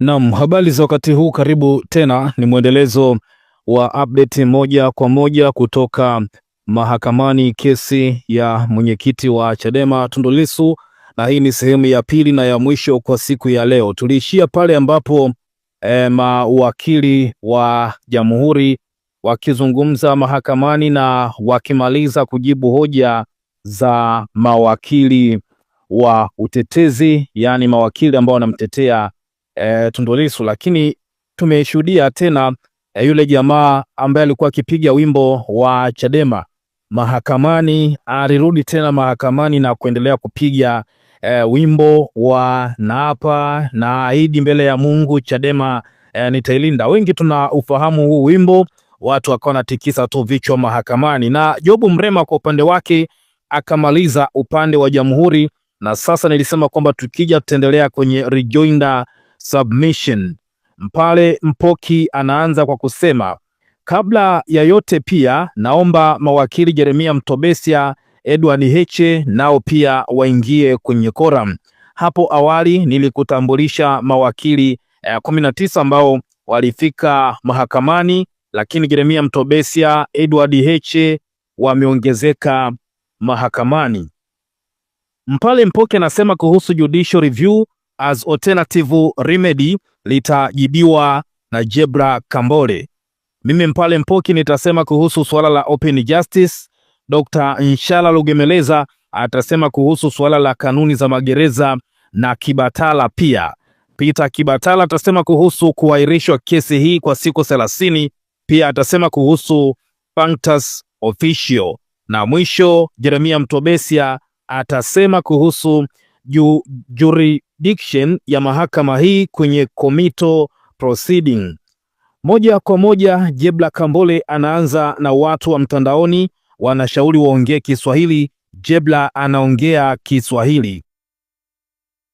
Naam, habari za wakati huu, karibu tena. Ni mwendelezo wa update moja kwa moja kutoka mahakamani, kesi ya mwenyekiti wa Chadema Tundu Lissu, na hii ni sehemu ya pili na ya mwisho kwa siku ya leo. Tuliishia pale ambapo e, mawakili wa Jamhuri wakizungumza mahakamani na wakimaliza kujibu hoja za mawakili wa utetezi, yaani mawakili ambao wanamtetea eh, Tundu Lissu, lakini tumeshuhudia tena eh, yule jamaa ambaye alikuwa akipiga wimbo wa Chadema mahakamani, alirudi tena mahakamani na kuendelea kupiga eh, wimbo wa naapa na ahidi mbele ya Mungu Chadema eh, nitailinda. Wengi tuna ufahamu huu wimbo, watu wakawa natikisa tu vichwa mahakamani, na Jobu Mrema kwa upande wake akamaliza upande wa Jamhuri na sasa nilisema kwamba tukija tutaendelea kwenye rejoinder submission. Mpale Mpoki anaanza kwa kusema kabla ya yote pia naomba mawakili Jeremia Mtobesia, Edward Heche nao pia waingie kwenye koram. Hapo awali nilikutambulisha mawakili eh, 19 ambao walifika mahakamani, lakini Jeremia Mtobesia, Edward Heche wameongezeka mahakamani. Mpale Mpoki anasema kuhusu judicial review as alternative remedy litajibiwa na Jebra Kambole. Mimi Mpale Mpoki nitasema kuhusu suala la open justice. Dr. Nshala Lugemeleza atasema kuhusu suala la kanuni za magereza na Kibatala pia. Peter Kibatala atasema kuhusu kuahirishwa kesi hii kwa siku 30, pia atasema kuhusu functus officio. na mwisho Jeremia Mtobesia atasema kuhusu ju, jurisdiction ya mahakama hii kwenye komito proceeding. Moja kwa moja Jebla Kambole anaanza na watu wa mtandaoni wanashauri waongee Kiswahili. Jebla anaongea Kiswahili.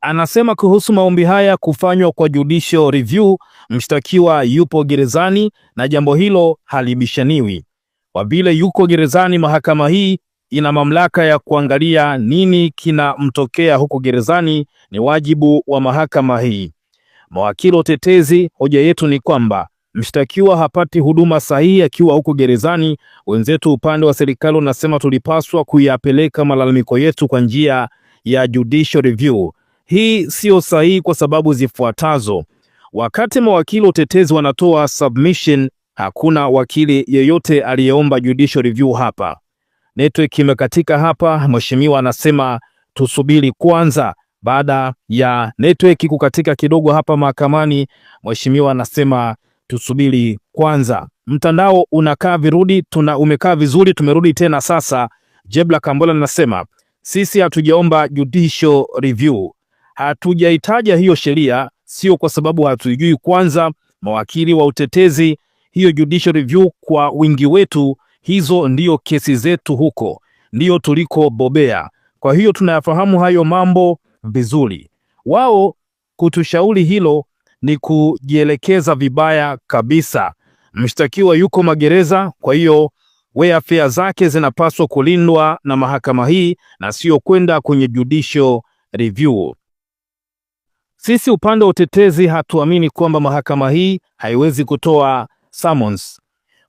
Anasema kuhusu maombi haya kufanywa kwa judicial review, mshtakiwa yupo gerezani na jambo hilo halibishaniwi. Kwa vile yuko gerezani, mahakama hii ina mamlaka ya kuangalia nini kinamtokea huko gerezani, ni wajibu wa mahakama hii. Mawakili watetezi, hoja yetu ni kwamba mshtakiwa hapati huduma sahihi akiwa huko gerezani. Wenzetu upande wa serikali wanasema tulipaswa kuyapeleka malalamiko yetu kwa njia ya judicial review. Hii siyo sahihi kwa sababu zifuatazo. Wakati mawakili utetezi wanatoa submission, hakuna wakili yeyote aliyeomba judicial review hapa network imekatika hapa. Mheshimiwa anasema tusubiri kwanza. Baada ya network kukatika kidogo hapa mahakamani, mheshimiwa anasema tusubiri kwanza. Mtandao unakaa virudi, tuna umekaa vizuri, tumerudi tena sasa. Jebla Kambola anasema sisi hatujaomba judicial review, hatujaitaja hiyo sheria, sio kwa sababu hatuijui. Kwanza mawakili wa utetezi, hiyo judicial review kwa wingi wetu Hizo ndiyo kesi zetu, huko ndiyo tulikobobea. Kwa hiyo tunayafahamu hayo mambo vizuri. Wao kutushauri hilo ni kujielekeza vibaya kabisa. Mshtakiwa yuko magereza, kwa hiyo we afya zake zinapaswa kulindwa na mahakama hii na sio kwenda kwenye judicial review. Sisi upande wa utetezi hatuamini kwamba mahakama hii haiwezi kutoa summons,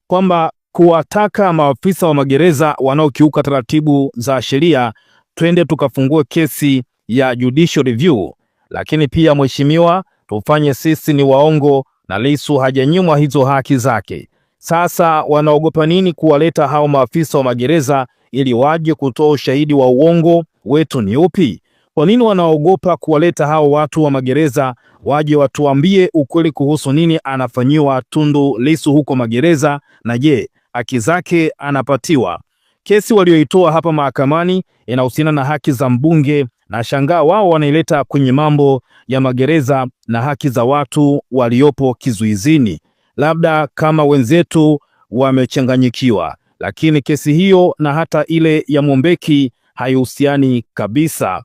kwamba kuwataka maafisa wa magereza wanaokiuka taratibu za sheria, twende tukafungue kesi ya judicial review. Lakini pia mheshimiwa, tufanye sisi ni waongo na Lissu hajanyimwa hizo haki zake. Sasa wanaogopa nini kuwaleta hao maafisa wa magereza ili waje kutoa ushahidi wa uongo wetu ni upi? Kwa nini wanaogopa kuwaleta hao watu wa magereza waje watuambie ukweli kuhusu nini anafanyiwa Tundu Lissu huko magereza? Na je, haki zake anapatiwa. Kesi walioitoa hapa mahakamani inahusiana na haki za mbunge, na shangaa wao wanaileta kwenye mambo ya magereza na haki za watu waliopo kizuizini. Labda kama wenzetu wamechanganyikiwa, lakini kesi hiyo na hata ile ya Mwombeki haihusiani kabisa.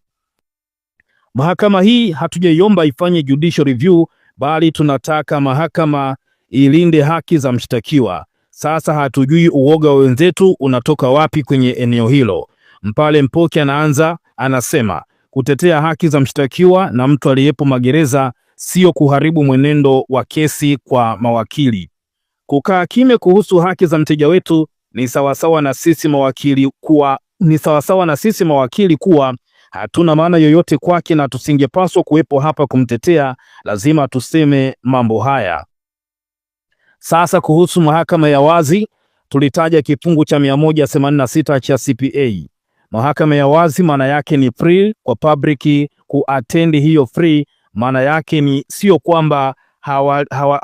Mahakama hii hatujaiomba ifanye judicial review, bali tunataka mahakama ilinde haki za mshtakiwa. Sasa hatujui uoga wa wenzetu unatoka wapi kwenye eneo hilo. Mpale Mpoki anaanza anasema, kutetea haki za mshtakiwa na mtu aliyepo magereza sio kuharibu mwenendo wa kesi kwa mawakili. Kukaa kimya kuhusu haki za mteja wetu ni sawasawa na sisi mawakili kuwa ni sawasawa na sisi mawakili kuwa hatuna maana yoyote kwake na tusingepaswa kuwepo hapa kumtetea. Lazima tuseme mambo haya. Sasa kuhusu mahakama ya wazi tulitaja kifungu cha 186 cha CPA. Mahakama ya wazi maana yake ni free kwa public kuattend hiyo free, maana yake ni sio kwamba hawalipi hawa,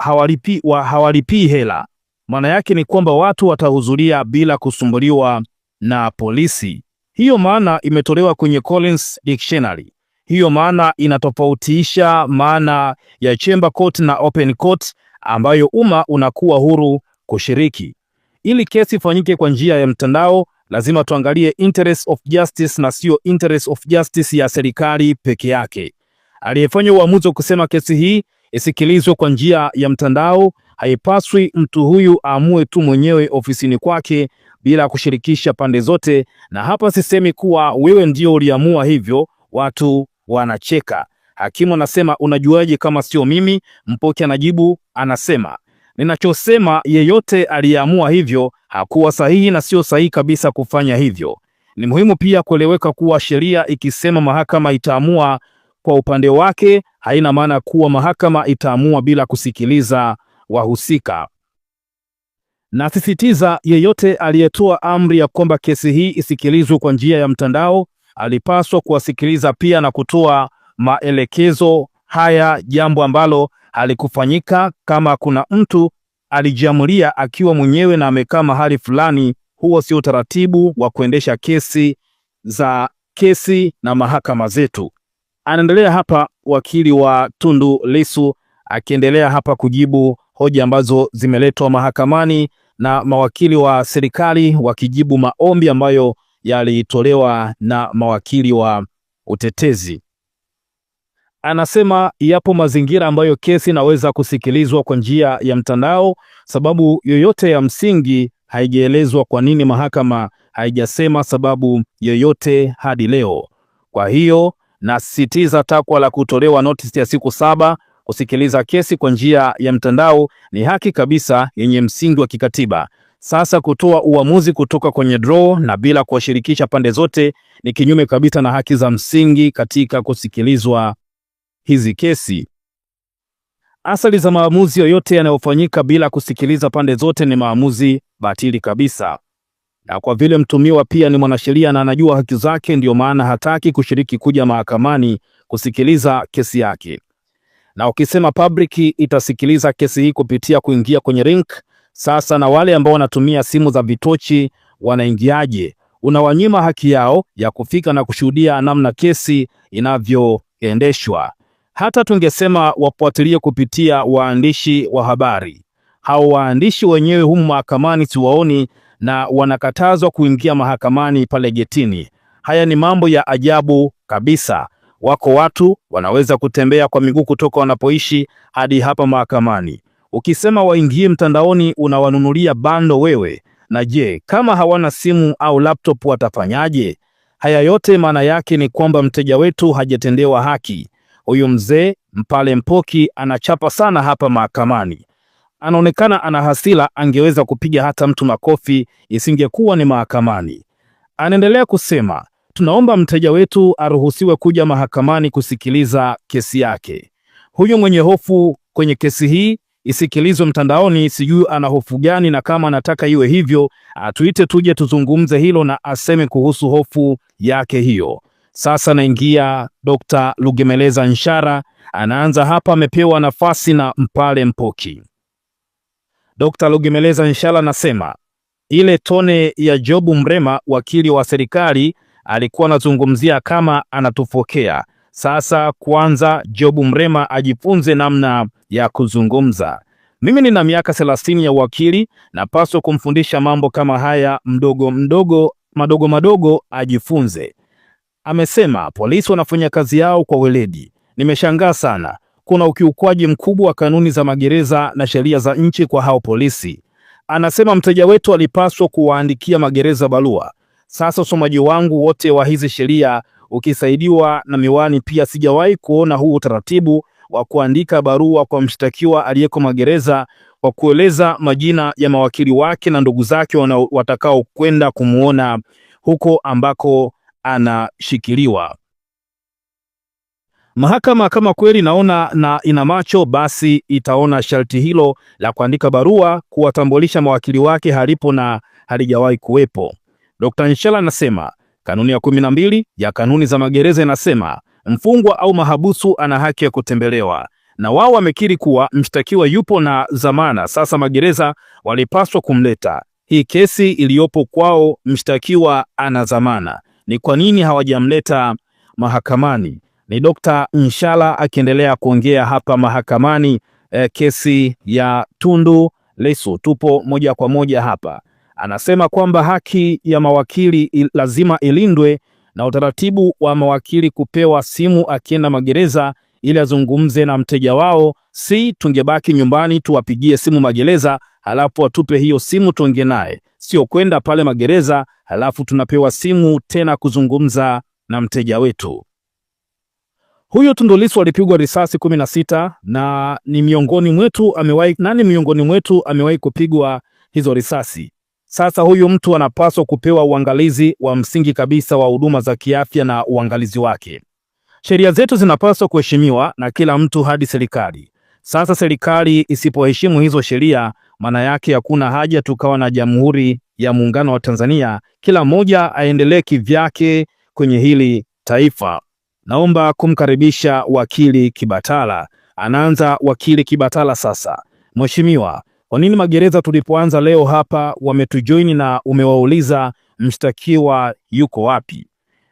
hawa hawalipi hela. Maana yake ni kwamba watu watahudhuria bila kusumbuliwa na polisi. Hiyo maana imetolewa kwenye Collins Dictionary. Hiyo maana inatofautisha maana ya chamber court na open court ambayo umma unakuwa huru kushiriki. Ili kesi ifanyike kwa njia ya mtandao, lazima tuangalie interest of justice na sio interest of justice ya serikali peke yake. Aliyefanya uamuzi wa kusema kesi hii isikilizwe kwa njia ya mtandao, haipaswi mtu huyu aamue tu mwenyewe ofisini kwake bila kushirikisha pande zote. Na hapa sisemi kuwa wewe ndio uliamua hivyo, watu wanacheka. Hakimu anasema unajuaje kama sio mimi? mpoke anajibu anasema ninachosema, yeyote aliyeamua hivyo hakuwa sahihi na sio sahihi kabisa kufanya hivyo. Ni muhimu pia kueleweka kuwa sheria ikisema mahakama itaamua kwa upande wake, haina maana kuwa mahakama itaamua bila kusikiliza wahusika. Nasisitiza, yeyote aliyetoa amri ya kwamba kesi hii isikilizwe kwa njia ya mtandao alipaswa kuwasikiliza pia na kutoa maelekezo haya, jambo ambalo halikufanyika kama kuna mtu alijiamulia akiwa mwenyewe na amekaa mahali fulani. Huo sio utaratibu wa kuendesha kesi za kesi na mahakama zetu. Anaendelea hapa wakili wa Tundu Lissu akiendelea hapa kujibu hoja ambazo zimeletwa mahakamani na mawakili wa serikali wakijibu maombi ambayo yalitolewa na mawakili wa utetezi anasema yapo mazingira ambayo kesi inaweza kusikilizwa kwa njia ya mtandao. Sababu yoyote ya msingi haijaelezwa kwa nini mahakama haijasema sababu yoyote hadi leo. Kwa hiyo nasisitiza takwa la kutolewa notisi ya siku saba kusikiliza kesi kwa njia ya mtandao ni haki kabisa yenye msingi wa kikatiba. Sasa kutoa uamuzi kutoka kwenye draw na bila kuwashirikisha pande zote ni kinyume kabisa na haki za msingi katika kusikilizwa hizi kesi. Athari za maamuzi yoyote yanayofanyika bila kusikiliza pande zote ni maamuzi batili kabisa. Na kwa vile mtumiwa pia ni mwanasheria na anajua haki zake, ndiyo maana hataki kushiriki kuja mahakamani kusikiliza kesi yake. Na ukisema public itasikiliza kesi hii kupitia kuingia kwenye link. Sasa na wale ambao wanatumia simu za vitochi wanaingiaje? Unawanyima haki yao ya kufika na kushuhudia namna kesi inavyoendeshwa hata tungesema wafuatilie kupitia waandishi wa habari. Hao waandishi wenyewe humu mahakamani siwaoni, na wanakatazwa kuingia mahakamani pale getini. Haya ni mambo ya ajabu kabisa. Wako watu wanaweza kutembea kwa miguu kutoka wanapoishi hadi hapa mahakamani. Ukisema waingie mtandaoni, unawanunulia bando wewe. Na je, kama hawana simu au laptop watafanyaje? Haya yote maana yake ni kwamba mteja wetu hajatendewa haki huyu mzee Mpale Mpoki anachapa sana hapa mahakamani, anaonekana ana hasira, angeweza kupiga hata mtu makofi isingekuwa ni mahakamani. Anaendelea kusema, tunaomba mteja wetu aruhusiwe kuja mahakamani kusikiliza kesi yake. Huyu mwenye hofu kwenye kesi hii isikilizwe mtandaoni, sijui ana hofu gani, na kama anataka iwe hivyo atuite tuje tuzungumze hilo na aseme kuhusu hofu yake hiyo. Sasa naingia Dkt. Lugemeleza Nshara, anaanza hapa, amepewa nafasi na Mpale Mpoki. d Lugemeleza Nshara anasema ile tone ya Jobu Mrema, wakili wa serikali, alikuwa anazungumzia kama anatufokea. Sasa kwanza Jobu Mrema ajifunze namna ya kuzungumza. Mimi nina miaka 30 ya uwakili, napaswa kumfundisha mambo kama haya mdogo mdogo, madogo madogo, ajifunze. Amesema polisi wanafanya kazi yao kwa weledi. Nimeshangaa sana, kuna ukiukwaji mkubwa wa kanuni za magereza na sheria za nchi kwa hao polisi. Anasema mteja wetu alipaswa kuwaandikia magereza barua. Sasa usomaji wangu wote wa hizi sheria ukisaidiwa na miwani pia, sijawahi kuona huu utaratibu wa kuandika barua kwa mshtakiwa aliyeko magereza kwa kueleza majina ya mawakili wake na ndugu zake watakao kwenda kumwona huko ambako anashikiliwa. Mahakama kama kweli naona na ina macho, basi itaona sharti hilo la kuandika barua kuwatambulisha mawakili wake halipo na halijawahi kuwepo. Dr. Nshala anasema kanuni ya kumi na mbili ya kanuni za magereza inasema mfungwa au mahabusu ana haki ya kutembelewa, na wao wamekiri kuwa mshtakiwa yupo na dhamana. Sasa magereza walipaswa kumleta hii kesi iliyopo kwao, mshtakiwa ana dhamana ni kwa nini hawajamleta mahakamani. Ni Dr. Nshala akiendelea kuongea hapa mahakamani e, kesi ya Tundu Lissu. Tupo moja kwa moja hapa, anasema kwamba haki ya mawakili il, lazima ilindwe na utaratibu wa mawakili kupewa simu akienda magereza ili azungumze na mteja wao, si tungebaki nyumbani tuwapigie simu magereza, halafu watupe hiyo simu tuongee naye sio kwenda pale magereza halafu tunapewa simu tena kuzungumza na mteja wetu. Huyo Tundu Lissu alipigwa risasi 16 na na ni miongoni mwetu amewahi nani, miongoni mwetu amewahi kupigwa hizo risasi. Sasa huyu mtu anapaswa kupewa uangalizi wa msingi kabisa wa huduma za kiafya na uangalizi wake. Sheria zetu zinapaswa kuheshimiwa na kila mtu hadi serikali. Sasa serikali isipoheshimu hizo sheria maana yake hakuna haja tukawa na Jamhuri ya Muungano wa Tanzania, kila mmoja aendelee kivyake kwenye hili taifa. Naomba kumkaribisha wakili Kibatala. Anaanza wakili Kibatala. Sasa mheshimiwa, kwa nini magereza tulipoanza leo hapa wametujoini na umewauliza mshtakiwa yuko wapi?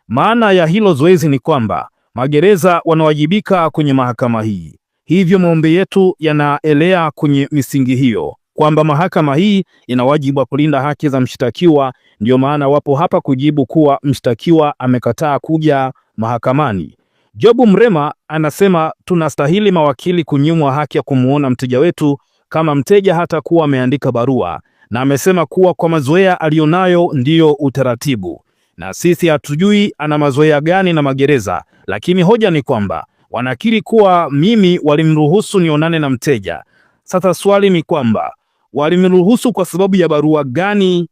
Maana ya hilo zoezi ni kwamba magereza wanawajibika kwenye mahakama hii, hivyo maombi yetu yanaelea kwenye misingi hiyo kwamba mahakama hii ina wajibu wa kulinda haki za mshtakiwa. Ndio maana wapo hapa kujibu kuwa mshtakiwa amekataa kuja mahakamani. Jobu Mrema anasema tunastahili mawakili kunyimwa haki ya kumuona mteja wetu kama mteja hata kuwa ameandika barua, na amesema kuwa kwa mazoea aliyonayo ndiyo utaratibu, na sisi hatujui ana mazoea gani na magereza, lakini hoja ni kwamba wanakiri kuwa mimi walimruhusu nionane na mteja. Sasa swali ni kwamba waliniruhusu kwa sababu ya barua gani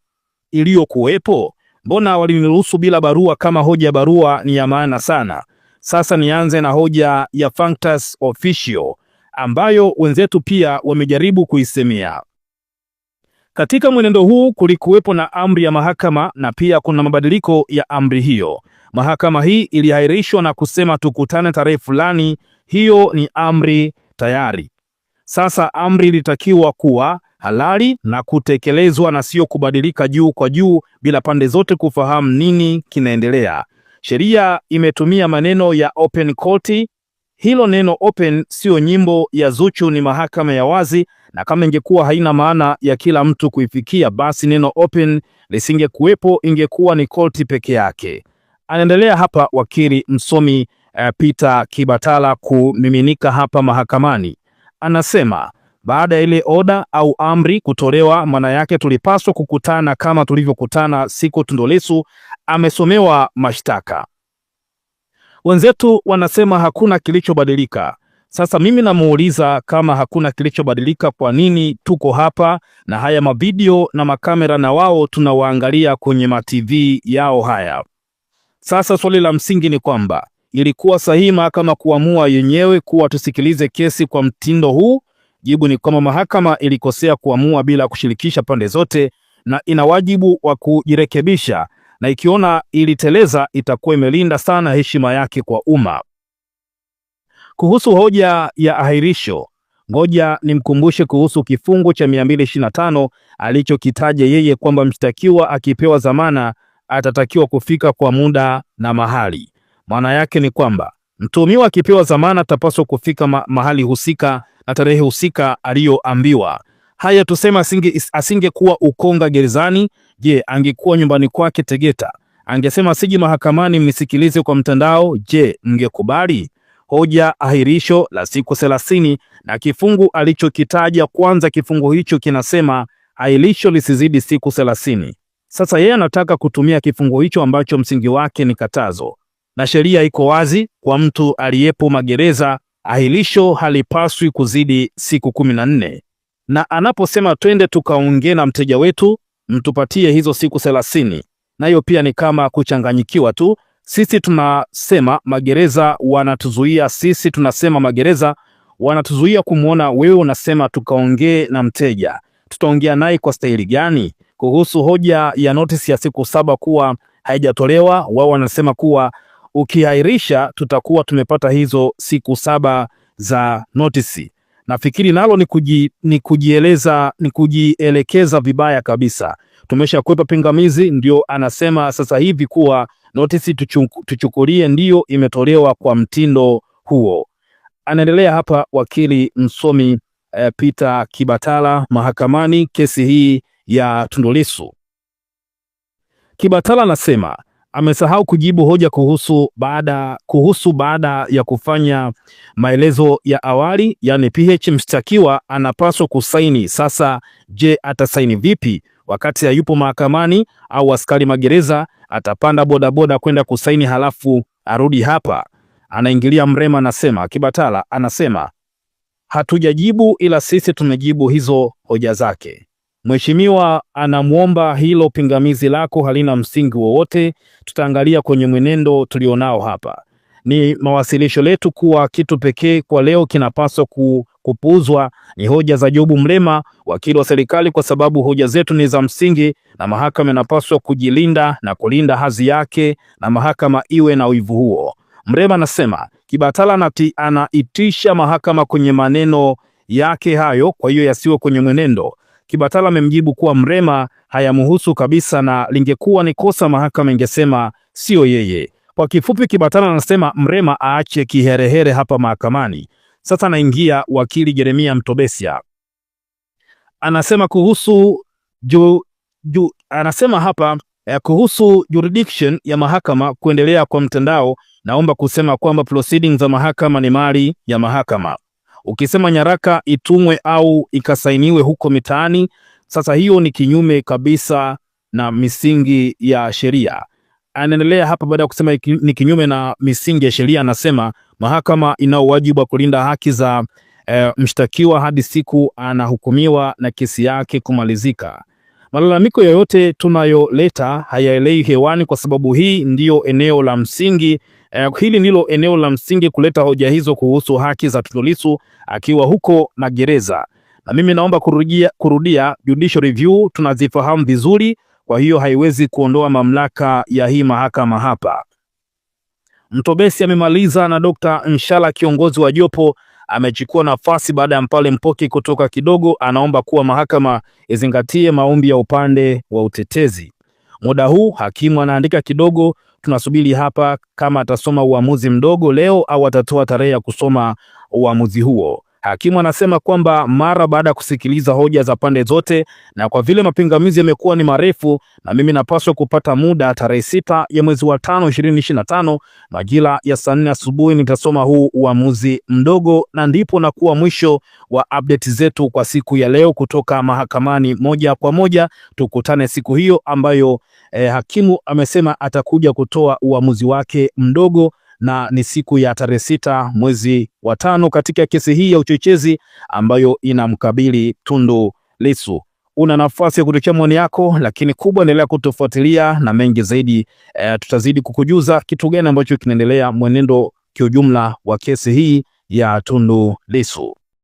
iliyokuwepo? Mbona waliniruhusu bila barua kama hoja ya barua ni ya maana sana? Sasa nianze na hoja ya Functus officio ambayo wenzetu pia wamejaribu kuisemea. Katika mwenendo huu kulikuwepo na amri ya mahakama na pia kuna mabadiliko ya amri hiyo. Mahakama hii iliahirishwa na kusema tukutane tarehe fulani. Hiyo ni amri tayari. Sasa amri ilitakiwa kuwa halali na kutekelezwa na sio kubadilika juu kwa juu bila pande zote kufahamu nini kinaendelea. Sheria imetumia maneno ya open court. Hilo neno open siyo nyimbo ya Zuchu, ni mahakama ya wazi, na kama ingekuwa haina maana ya kila mtu kuifikia, basi neno open lisingekuwepo, ingekuwa ni court peke yake. Anaendelea hapa wakili msomi uh, Peter Kibatala kumiminika hapa mahakamani, anasema baada ya ile oda au amri kutolewa, maana yake tulipaswa kukutana kama tulivyokutana siku Tundu Lissu amesomewa mashtaka. Wenzetu wanasema hakuna kilichobadilika. Sasa mimi namuuliza, kama hakuna kilichobadilika, kwa nini tuko hapa na haya mavideo na makamera na wao tunawaangalia kwenye matv yao haya? Sasa swali la msingi ni kwamba ilikuwa sahihi mahakama kuamua yenyewe kuwa tusikilize kesi kwa mtindo huu Jibu ni kwamba mahakama ilikosea kuamua bila kushirikisha pande zote na ina wajibu wa kujirekebisha, na ikiona iliteleza itakuwa imelinda sana heshima yake kwa umma. Kuhusu hoja ya ahirisho, ngoja nimkumbushe kuhusu kifungu cha 225 alichokitaja yeye kwamba mshtakiwa akipewa dhamana atatakiwa kufika kwa muda na mahali. Maana yake ni kwamba mtuhumiwa akipewa dhamana atapaswa kufika ma mahali husika na tarehe husika aliyoambiwa. Haya, tusema asingekuwa Ukonga gerezani, je, angekuwa nyumbani kwake Tegeta? Angesema siji mahakamani, mnisikilize kwa mtandao, je, mngekubali? Hoja ahirisho la siku thelathini na kifungu alichokitaja kwanza, kifungu hicho kinasema ahirisho lisizidi siku thelathini. Sasa yeye anataka kutumia kifungu hicho ambacho msingi wake ni katazo, na sheria iko wazi kwa mtu aliyepo magereza ahirisho halipaswi kuzidi siku kumi na nne na anaposema twende tukaongee na mteja wetu mtupatie hizo siku thelathini nayo pia ni kama kuchanganyikiwa tu. Sisi tunasema magereza wanatuzuia, sisi tunasema magereza wanatuzuia kumwona. Wewe unasema tukaongee na mteja, tutaongea naye kwa staili gani? Kuhusu hoja ya notisi ya siku saba kuwa haijatolewa, wao wanasema kuwa Ukiahirisha tutakuwa tumepata hizo siku saba za notisi. Nafikiri nalo ni, kuji, ni kujieleza ni kujielekeza vibaya kabisa. Tumeshakwepa pingamizi, ndio anasema sasa hivi kuwa notisi tuchukulie ndiyo imetolewa kwa mtindo huo. Anaendelea hapa wakili msomi eh, Peter Kibatala mahakamani kesi hii ya Tundu Lissu. Kibatala anasema amesahau kujibu hoja kuhusu baada kuhusu baada ya kufanya maelezo ya awali yani PH mshtakiwa anapaswa kusaini. Sasa je, atasaini vipi wakati hayupo mahakamani? Au askari magereza atapanda bodaboda kwenda kusaini halafu arudi hapa? Anaingilia Mrema anasema, Kibatala anasema hatujajibu, ila sisi tumejibu hizo hoja zake. Mheshimiwa anamwomba hilo pingamizi lako halina msingi wowote, tutaangalia kwenye mwenendo tulionao hapa. Ni mawasilisho letu kuwa kitu pekee kwa leo kinapaswa ku, kupuuzwa ni hoja za Jobu Mrema, wakili wa serikali, kwa sababu hoja zetu ni za msingi na mahakama inapaswa kujilinda na kulinda hadhi yake, na mahakama iwe na wivu huo. Mrema anasema Kibatala anaitisha mahakama kwenye maneno yake hayo, kwa hiyo yasiwe kwenye mwenendo Kibatala amemjibu kuwa Mrema hayamuhusu kabisa na lingekuwa ni kosa, mahakama ingesema siyo yeye. Kwa kifupi, Kibatala anasema Mrema aache kiherehere hapa mahakamani. Sasa anaingia wakili Jeremia Mtobesia anasema kuhusu ju, ju, anasema hapa eh, kuhusu jurisdiction ya mahakama kuendelea kwa mtandao. Naomba kusema kwamba proceedings za mahakama ni mali ya mahakama. Ukisema nyaraka itumwe au ikasainiwe huko mitaani, sasa hiyo ni kinyume kabisa na misingi ya sheria. Anaendelea hapa baada ya kusema ni kinyume na misingi ya sheria, anasema mahakama ina wajibu wa kulinda haki za e, mshtakiwa hadi siku anahukumiwa na kesi yake kumalizika. Malalamiko yoyote tunayoleta hayaelei hewani, kwa sababu hii ndiyo eneo la msingi Eh, hili ndilo eneo la msingi kuleta hoja hizo kuhusu haki za Tundu Lissu akiwa huko magereza. Na mimi naomba kurudia, kurudia judicial review tunazifahamu vizuri, kwa hiyo haiwezi kuondoa mamlaka ya hii mahakama hapa. Mtobesi amemaliza na Dr. Nshala kiongozi wa jopo amechukua nafasi baada ya Mpale Mpoki kutoka kidogo, anaomba kuwa mahakama izingatie maombi ya upande wa utetezi. Muda huu hakimu anaandika kidogo tunasubiri hapa kama atasoma uamuzi mdogo leo au atatoa tarehe ya kusoma uamuzi huo. Hakimu anasema kwamba mara baada ya kusikiliza hoja za pande zote, na kwa vile mapingamizi yamekuwa ni marefu, na mimi napaswa kupata muda, tarehe sita ya mwezi wa tano 2025 majira ya saa nne asubuhi nitasoma huu uamuzi mdogo, na ndipo nakuwa mwisho wa update zetu kwa siku ya leo kutoka mahakamani moja kwa moja. Tukutane siku hiyo ambayo eh, hakimu amesema atakuja kutoa uamuzi wake mdogo na ni siku ya tarehe sita mwezi wa tano katika kesi hii ya uchochezi ambayo inamkabili Tundu Lissu. Una nafasi ya kutokia maoni yako, lakini kubwa, endelea kutufuatilia na mengi zaidi. E, tutazidi kukujuza kitu gani ambacho kinaendelea, mwenendo kiujumla wa kesi hii ya Tundu Lissu.